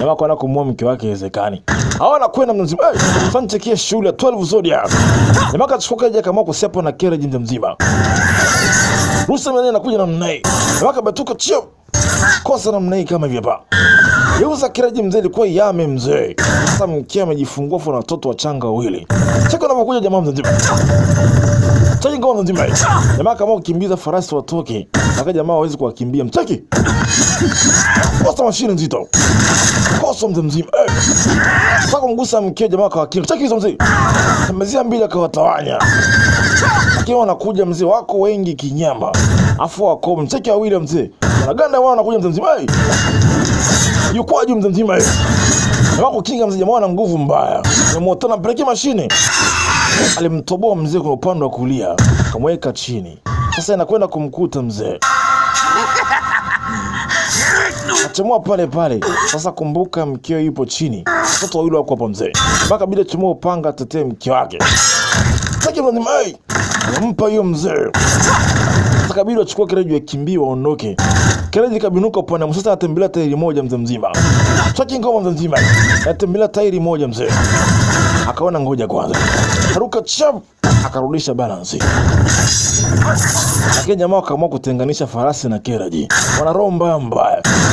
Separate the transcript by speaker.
Speaker 1: jamaa kuenda kumua mke wake haiwezekani. Hawa anakwenda mzima, hey, fanya chekia shule 12 zodiac. Jamaa kachukuka aje kama kusiapo na carriage mzima. Rusa mwenyewe anakuja namna hii. Jamaa kabatuka chio. Kosa namna hii kama hivi hapa. Yuza Kireji mzee ilikuwa yame mzee. Sasa mke amejifungua na watoto wachanga wawili. Cheka unapokuja jamaa mzee. Cheki ngoma Mzanzibar. Jamaa kama ukimbiza farasi watoke, aka jamaa hawezi kuwakimbia mcheki. Kosa mashine nzito. Kosa mzee. Eh. Sasa kumgusa mke jamaa akawakimbia. Cheki hizo mzee. Mezia mbili akawatawanya. Lakini wanakuja mzee wako wengi kinyama. Afu wako mcheki wawili mzee. Wanaganda wao wanakuja Mzanzibar. Yukoje mzee mzima yeye? Nataka kukinga mzee, jamaa ana nguvu mbaya. Nimwotana mpeleke mashine. Alimtoboa mzee kwa upande wa kulia, kamweka chini. Sasa inakwenda kumkuta mzee. Achomoa pale pale. Sasa kumbuka, mkeo yupo chini, watoto wawili wako hapa mzee, mpaka bila chomoa upanga atetee mke wake. Take mzee, mzee mpa hiyo mzee sasa kabidi wachukua Kereji wakimbie waondoke. Kereji kabinuka upande mmoja, sasa atembelea tairi moja mzee mzima. Saki ngoma mzee mzima. Atembelea tairi moja mzee. Akaona ngoja kwanza. Haruka chap akarudisha balance. Lakini jamaa wakaamua kutenganisha farasi na Kereji. Wana roho mbaya mbaya.